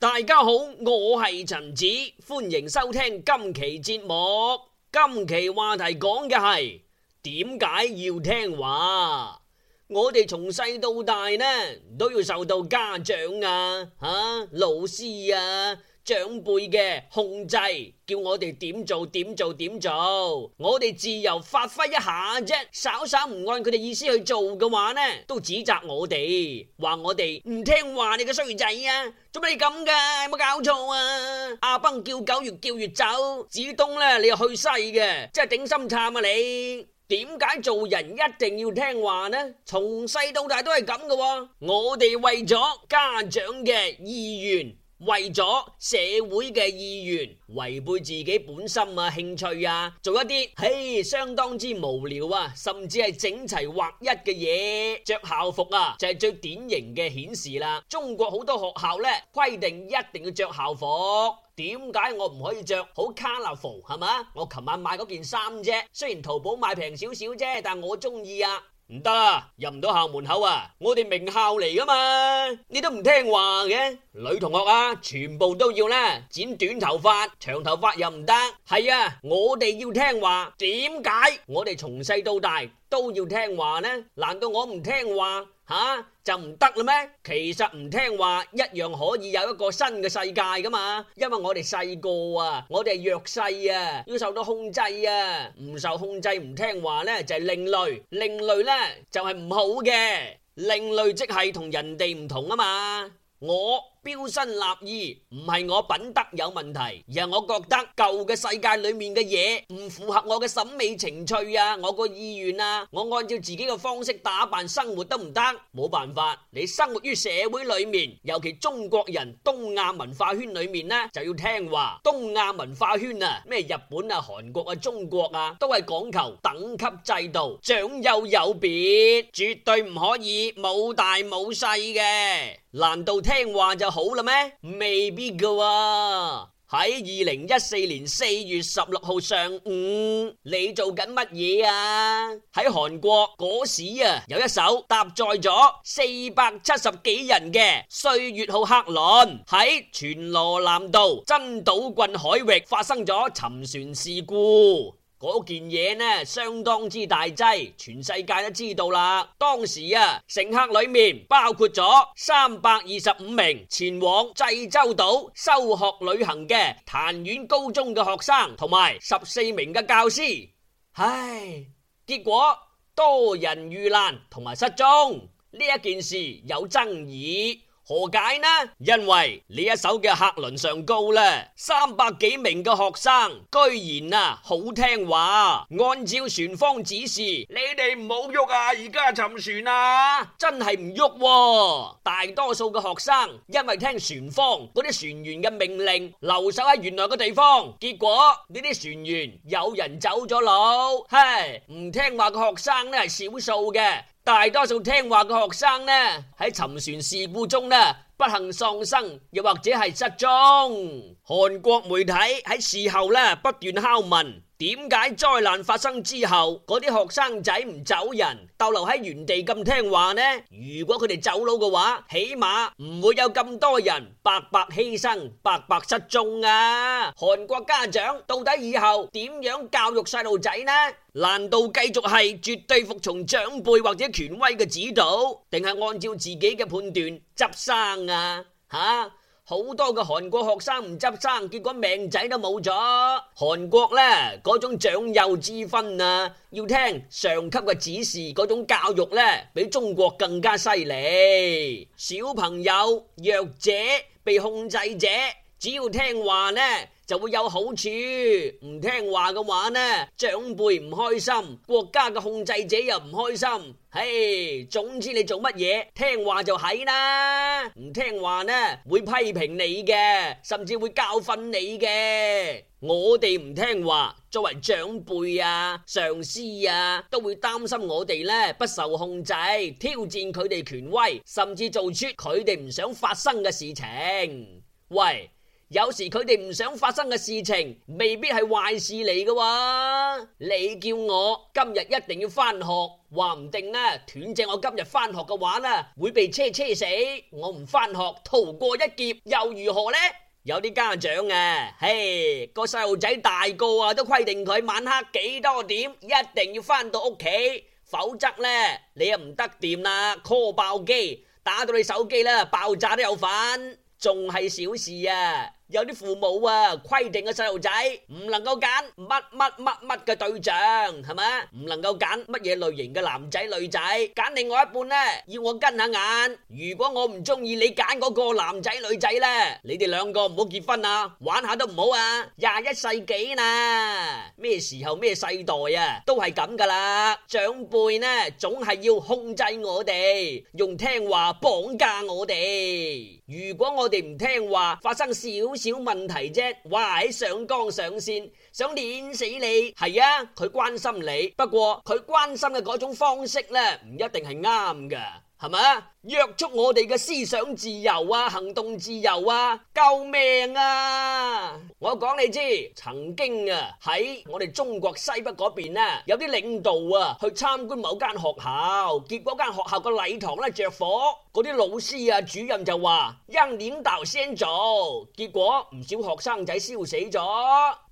大家好，我係陳子，歡迎收聽今期節目。今期話題講嘅係點解要聽話？我哋從細到大呢，都要受到家長啊、啊老師啊。長輩嘅控制，叫我哋點做點做點做，我哋自由發揮一下啫。稍稍唔按佢哋意思去做嘅話呢，都指責我哋，話我哋唔聽話，你個衰仔啊！做咩你咁㗎？有冇搞錯啊？阿崩叫狗越叫越走，指東呢你又去西嘅，真係頂心慘啊！你點解做人一定要聽話呢？從細到大都係咁㗎，我哋為咗家長嘅意願，為咗社會嘅意願，違背自己本身啊、興趣啊，做一啲嘿相當之無聊啊，甚至係整齊劃一嘅嘢，着校服啊，就係、是、最典型嘅顯示啦。中國好多學校呢，規定一定要着校服，點解我唔可以着好 casual？u a 係嘛？我琴晚買嗰件衫啫，雖然淘寶買平少少啫，但我中意啊。唔得啊！入唔到校門口啊！我哋名校嚟㗎嘛，你都唔聽話嘅女同學啊，全部都要咧剪短頭髮，長頭髮又唔得。係啊，我哋要聽話。點解我哋從細到大都要聽話呢？難道我唔聽話？吓、啊、就唔得啦咩？其實唔聽話一樣可以有一個新嘅世界噶嘛，因為我哋細個啊，我哋係弱勢啊，要受到控制啊，唔受控制唔聽話呢，就係、是、另類，另類呢，就係、是、唔好嘅，另類即係同人哋唔同啊嘛。我標新立異唔係我品德有問題，而係我覺得舊嘅世界裏面嘅嘢唔符合我嘅審美情趣啊，我個意願啊，我按照自己嘅方式打扮生活得唔得？冇辦法，你生活於社會裏面，尤其中國人、東亞文化圈裏面呢，就要聽話。東亞文化圈啊，咩日本啊、韓國啊、中國啊，都係講求等級制度，長幼有別，絕對唔可以冇大冇細嘅。難道聽話就好啦咩？未必噶喎，啊！喺二零一四年四月十六號上午，你做緊乜嘢啊？喺韓國嗰時啊，有一艘搭載咗四百七十幾人嘅歲月號客輪喺全羅南道珍島郡海域發生咗沉船事故。嗰件嘢呢，相當之大劑，全世界都知道啦。當時啊，乘客裏面包括咗三百二十五名前往濟州島修學旅行嘅檀園高中嘅學生，同埋十四名嘅教師。唉，結果多人遇難同埋失蹤，呢一件事有爭議。何解呢？因為呢一艘嘅客輪上高呢，三百幾名嘅學生居然啊好聽話，按照船方指示，你哋唔好喐啊！而家沉船啊，真係唔喐。大多數嘅學生因為聽船方嗰啲船員嘅命令，留守喺原來嘅地方。結果呢啲船員有人走咗佬，嘿，唔聽話嘅學生呢係少數嘅。大多數聽話嘅學生呢，喺沉船事故中呢，不幸喪生，又或者係失蹤。韓國媒體喺事後呢，不斷拷問。點解災難發生之後，嗰啲學生仔唔走人，逗留喺原地咁聽話呢？如果佢哋走佬嘅話，起碼唔會有咁多人白白犧牲、白白失蹤啊！韓國家長到底以後點樣教育細路仔呢？難道繼續係絕對服從長輩或者權威嘅指導，定係按照自己嘅判斷執生啊？吓！好多嘅韓國學生唔執生，結果命仔都冇咗。韓國呢，嗰種長幼之分啊，要聽上級嘅指示，嗰種教育呢，比中國更加犀利。小朋友弱者，被控制者。只要聽話呢，就會有好處；唔聽話嘅話呢，長輩唔開心，國家嘅控制者又唔開心。嘿，總之你做乜嘢，聽話就係啦，唔聽話呢會批評你嘅，甚至會教訓你嘅。我哋唔聽話，作為長輩啊、上司啊，都會擔心我哋呢不受控制，挑戰佢哋權威，甚至做出佢哋唔想發生嘅事情。喂！有時佢哋唔想發生嘅事情，未必係壞事嚟㗎、啊。你叫我今日一定要返學，話唔定啦、啊，斷正我今日返學嘅話啦，會被車車死。我唔返學逃過一劫又如何呢？有啲家長啊，嘿，個細路仔大個啊，都規定佢晚黑幾多點一定要返到屋企，否則呢，你又唔得掂啦，call 爆機打到你手機啦，爆炸都有份，仲係小事啊！有啲父母啊，規定個細路仔唔能夠揀乜乜乜乜嘅對象，係咪？唔能夠揀乜嘢類型嘅男仔女仔，揀另外一半咧，要我跟下眼。如果我唔中意你揀嗰個男仔女仔咧，你哋兩個唔好結婚啊，玩下都唔好啊。廿一世紀啦，咩時候咩世代啊，都係咁噶啦。長輩呢，總係要控制我哋，用聽話綁架我哋。如果我哋唔聽話，發生小。小問題啫，哇喺上綱上線想碾死你。係啊，佢關心你，不過佢關心嘅嗰種方式咧，唔一定係啱嘅，係咪啊？約束我哋嘅思想自由啊，行動自由啊，救命啊！我講你知，曾經啊喺我哋中國西北嗰邊啊，有啲領導啊去參觀某間學校，結果間學校個禮堂咧着火，嗰啲老師啊主任就話因領導先做，結果唔少學生仔燒死咗。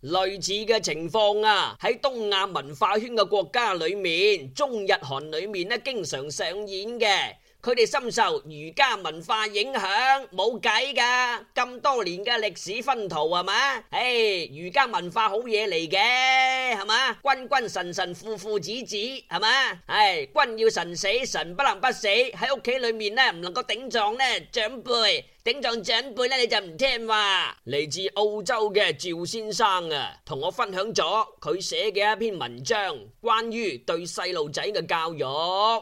類似嘅情況啊，喺東亞文化圈嘅國家裏面，中日韓裏面呢，經常上演嘅。佢哋深受儒家文化影響，冇計噶，咁多年嘅歷史熏陶係嘛？唉、哎，儒家文化好嘢嚟嘅，係嘛？君君臣臣父父子子係嘛？唉、哎，君要臣死，臣不能不死，喺屋企裏面咧唔能夠頂撞咧長輩。頂撞長輩咧，你就唔聽話。嚟自澳洲嘅趙先生啊，同我分享咗佢寫嘅一篇文章，關於對細路仔嘅教育。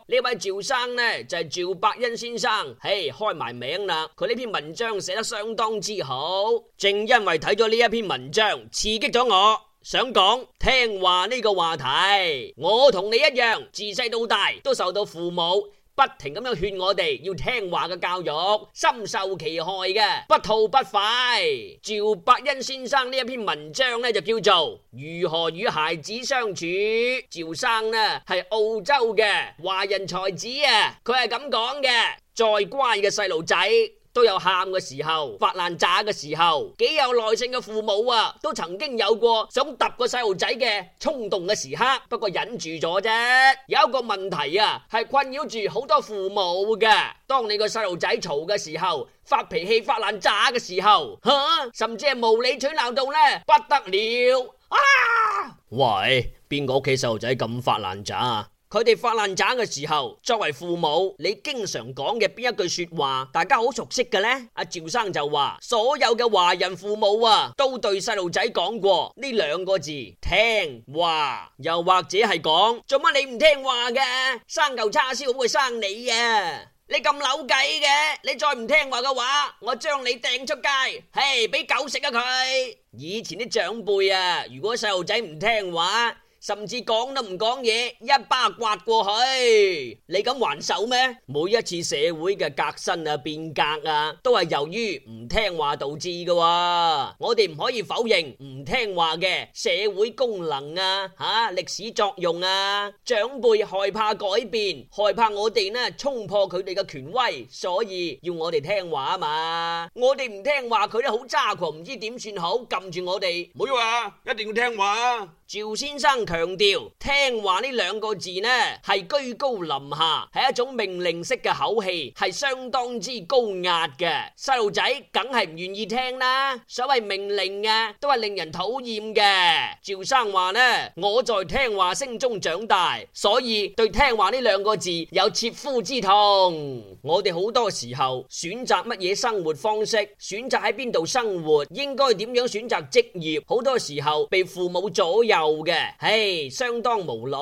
呢位趙生呢，就係、是、趙伯恩先生，嘿，開埋名啦。佢呢篇文章寫得相當之好，正因為睇咗呢一篇文章，刺激咗我，想講聽話呢個話題。我同你一樣，自細到大都受到父母。不停咁樣勸我哋要聽話嘅教育，深受其害嘅不吐不快。趙伯恩先生呢一篇文章呢，就叫做《如何與孩子相處》。趙生呢係澳洲嘅華人才子啊，佢係咁講嘅，再乖嘅細路仔都有喊嘅時候，發爛渣嘅時候，幾有耐性嘅父母啊，都曾經有過想揼個細路仔嘅衝動嘅時刻，不過忍住咗啫。有一個問題啊，係困擾住好多父母嘅。當你個細路仔嘈嘅時候，發脾氣、發爛渣嘅時候，啊、甚至係無理取鬧到呢，不得了啊！喂，邊個屋企細路仔咁發爛渣？佢哋發爛渣嘅時候，作為父母，你經常講嘅邊一句說話，大家好熟悉嘅呢？阿、啊、趙生就話：所有嘅華人父母啊，都對細路仔講過呢兩個字聽話，又或者係講做乜你唔聽話嘅？生嚿叉燒會唔會生你啊？你咁扭計嘅，你再唔聽話嘅話，我將你掟出街，嘿，俾狗食啊佢！以前啲長輩啊，如果細路仔唔聽話。甚至講都唔講嘢，一巴刮過去，你敢還手咩？每一次社會嘅革新啊、變革啊，都係由於唔聽話導致嘅。我哋唔可以否認唔聽話嘅社會功能啊、吓歷史作用啊。長輩害怕改變，害怕我哋呢衝破佢哋嘅權威，所以要我哋聽話啊嘛。我哋唔聽話，佢都好揸狂，唔知點算好，撳住我哋。唔好話，一定要聽話啊，趙先生強強調聽話呢兩個字呢，係居高臨下，係一種命令式嘅口氣，係相當之高壓嘅。細路仔梗係唔願意聽啦。所謂命令嘅都係令人討厭嘅。趙生話呢，我在聽話聲中長大，所以對聽話呢兩個字有切膚之痛。我哋好多時候選擇乜嘢生活方式，選擇喺邊度生活，應該點樣選擇職業，好多時候被父母左右嘅。相當無奈，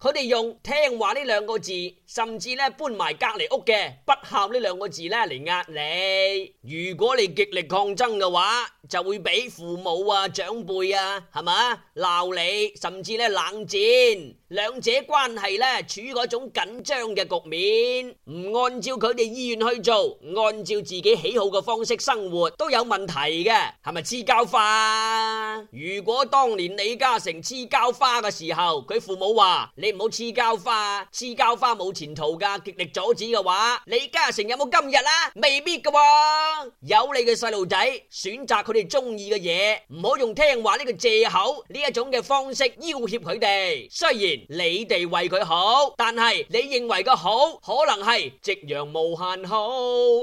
佢哋用聽話呢兩個字，甚至咧搬埋隔籬屋嘅不孝呢兩個字咧嚟壓你。如果你極力抗爭嘅話，就會俾父母啊、長輩啊，係咪鬧你，甚至咧冷戰。兩者關係咧處於嗰種緊張嘅局面，唔按照佢哋意願去做，按照自己喜好嘅方式生活都有問題嘅，係咪？黐膠花？如果當年李嘉誠黐膠花嘅時候，佢父母話：你唔好黐膠花，黐膠花冇前途噶，極力阻止嘅話，李嘉誠有冇今日啦、啊？未必噶、哦，有你嘅細路仔選擇佢哋中意嘅嘢，唔好用聽話呢個借口呢一種嘅方式要挾佢哋。雖然。你哋為佢好，但係你認為嘅好，可能係夕陽無限好，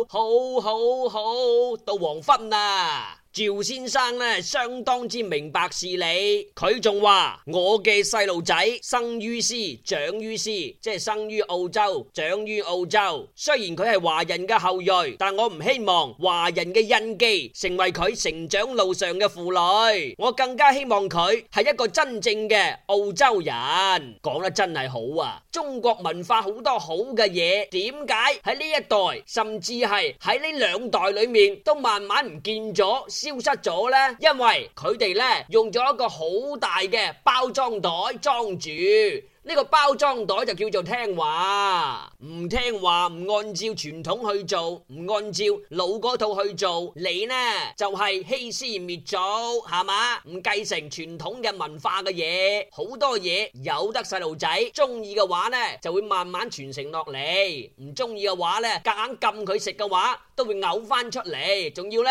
好好好好到黃昏啊！趙先生咧，相當之明白事理。佢仲話：我嘅細路仔生於斯，長於斯，即係生於澳洲，長於澳洲。雖然佢係華人嘅後裔，但我唔希望華人嘅印記成為佢成長路上嘅負累。我更加希望佢係一個真正嘅澳洲人。講得真係好啊！中國文化好多好嘅嘢，點解喺呢一代，甚至係喺呢兩代裏面，都慢慢唔見咗？消失咗呢，因為佢哋呢用咗一個好大嘅包裝袋裝住，呢、這個包裝袋就叫做聽話，唔聽話唔按照傳統去做，唔按照老嗰套去做，你呢就係、是、欺師滅祖，係嘛？唔繼承傳統嘅文化嘅嘢，好多嘢有得細路仔中意嘅話呢，就會慢慢傳承落嚟；唔中意嘅話呢，夾硬，硬撳佢食嘅話，都會嘔翻出嚟，仲要呢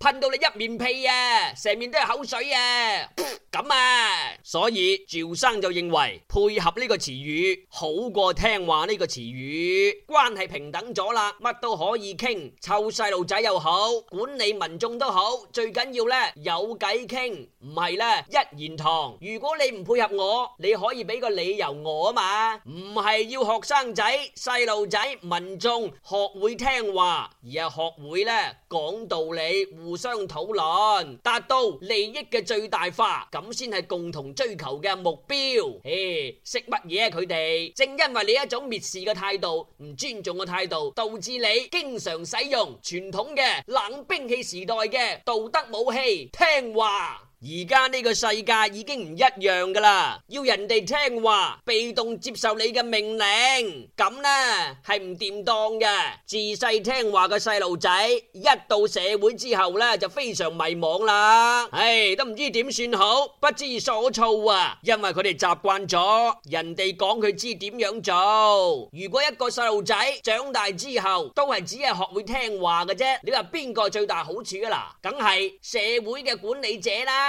噴到你一面屁啊，成面都係口水啊！咁啊，所以趙生就認為配合呢個詞語好過聽話呢個詞語，關係平等咗啦，乜都可以傾，湊細路仔又好，管理民眾都好，最緊要呢有計傾，唔係呢一言堂。如果你唔配合我，你可以俾個理由我啊嘛，唔係要學生仔、細路仔、民眾學會聽話而。學會咧講道理，互相討論，達到利益嘅最大化，咁先係共同追求嘅目標。嘿，識乜嘢佢哋？正因為你一種蔑視嘅態度，唔尊重嘅態度，導致你經常使用傳統嘅冷兵器時代嘅道德武器，聽話。而家呢個世界已經唔一樣噶啦，要人哋聽話，被動接受你嘅命令，咁咧係唔掂當嘅。自細聽話嘅細路仔，一到社會之後咧就非常迷茫啦，唉、哎，都唔知點算好，不知所措啊！因為佢哋習慣咗人哋講佢知點樣做。如果一個細路仔長大之後都係只係學會聽話嘅啫，你話邊個最大好處啊？嗱，梗係社會嘅管理者啦。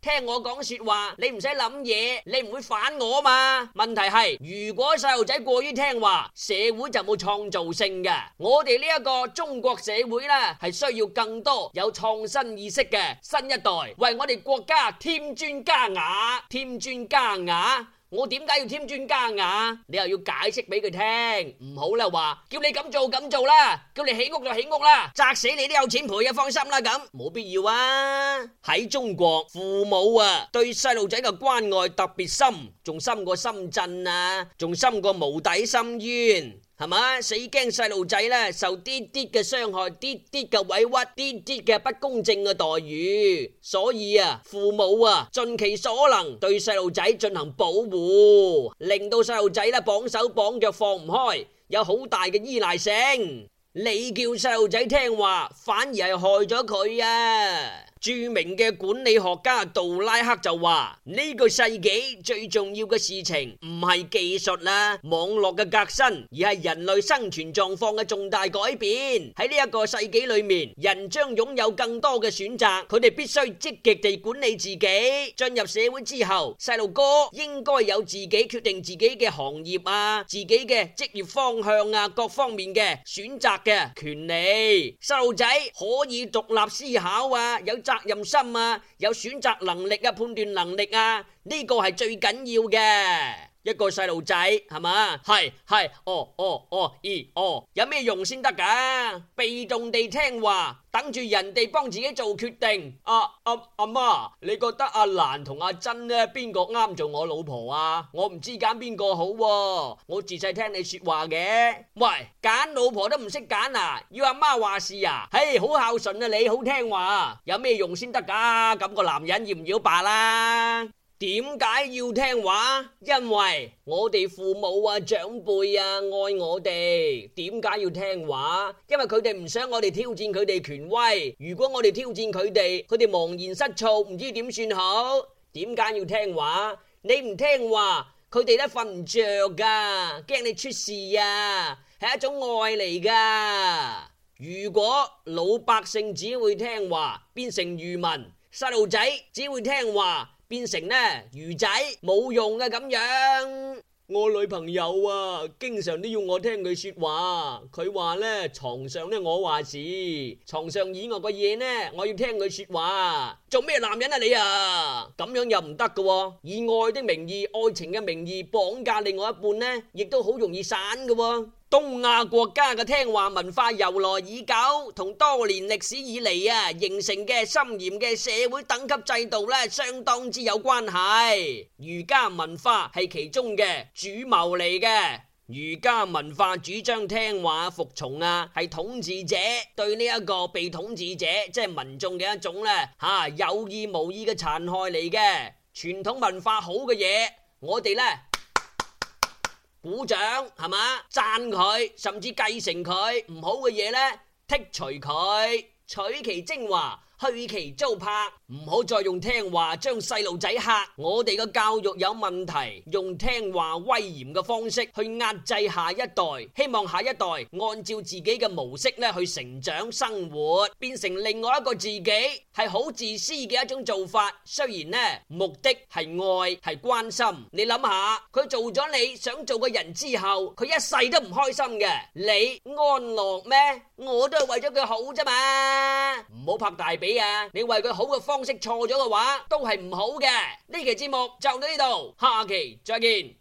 聽我講說話，你唔使諗嘢，你唔會反我嘛？問題係，如果細路仔過於聽話，社會就冇創造性嘅。我哋呢一個中國社會呢，係需要更多有創新意識嘅新一代，為我哋國家添磚加瓦，添磚加瓦。我點解要添磚加瓦？你又要解釋俾佢聽，唔好啦，話叫你咁做咁做啦，叫你起屋就起屋啦，砸死你都有錢賠，放心啦咁，冇必要啊！喺中國，父母啊對細路仔嘅關愛特別深，仲深過深圳啊，仲深過無底深淵。係嘛？死驚細路仔啦，受啲啲嘅傷害，啲啲嘅委屈，啲啲嘅不公正嘅待遇。所以啊，父母啊，盡其所能對細路仔進行保護，令到細路仔啦綁手綁腳放唔開，有好大嘅依賴性。你叫細路仔聽話，反而係害咗佢啊！著名嘅管理學家杜拉克就話，呢個世紀最重要嘅事情唔係技術啦、網絡嘅革新，而係人類生存狀況嘅重大改變。喺呢一個世紀裏面，人將擁有更多嘅選擇，佢哋必須積極地管理自己。進入社會之後，細路哥應該有自己決定自己嘅行業啊，自己嘅職業方向啊，各方面嘅選擇嘅權利。細路仔可以獨立思考啊，有責任心啊，有選擇能力啊，判斷能力啊，呢個係最緊要嘅。一個細路仔係咪？係係哦哦哦咦哦，有咩用先得噶？被動地聽話，等住人哋幫自己做決定。阿阿阿媽，你覺得阿蘭同阿珍呢邊個啱做我老婆啊？我唔知揀邊個好，啊，我自細聽你說話嘅。喂，揀老婆都唔識揀啊！要阿媽話事啊？嘿，好孝順啊，你好聽話，有咩用先得噶？咁，個男人要唔要罷啦，啊？點解要聽話？因為我哋父母啊、長輩啊愛我哋。點解要聽話？因為佢哋唔想我哋挑戰佢哋權威。如果我哋挑戰佢哋，佢哋茫然失措，唔知點算好？點解要聽話？你唔聽話，佢哋都瞓唔着噶、啊，驚你出事啊，係一種愛嚟噶。如果老百姓只會聽話，變成愚民；細路仔只會聽話。變成咧魚仔冇用嘅、啊、咁樣，我女朋友啊，經常都要我聽佢說話。佢話咧床上咧我話事，床上以外嘅嘢呢，我要聽佢說話。做咩男人啊你啊？咁樣又唔得嘅，以愛的名義、愛情嘅名義綁架另外一半呢，亦都好容易散嘅、啊。東亞國家嘅聽話文化由來已久，同多年歷史以嚟，啊形成嘅森嚴嘅社會等級制度咧，相當之有關係。儒家文化係其中嘅主謀嚟嘅。儒家文化主張聽話服從啊，係統治者對呢一個被統治者，即係民眾嘅一種咧吓有意無意嘅殘害嚟嘅。傳統文化好嘅嘢，我哋咧。鼓掌係咪，讚佢，甚至繼承佢，唔好嘅嘢呢，剔除佢，取其精華，去其糟粕，唔好再用聽話將細路仔嚇。我哋嘅教育有問題，用聽話威嚴嘅方式去壓制下一代。希望下一代按照自己嘅模式咧去成長生活，變成另外一個自己，係好自私嘅一種做法。雖然呢目的係愛係關心，你諗下佢做咗你想做嘅人之後，佢一世都唔開心嘅，你安樂咩？我都係為咗佢好啫嘛，唔好拍大髀啊！你為佢好嘅方式錯咗嘅話，都係唔好嘅。呢期節目就到呢度，下期再見。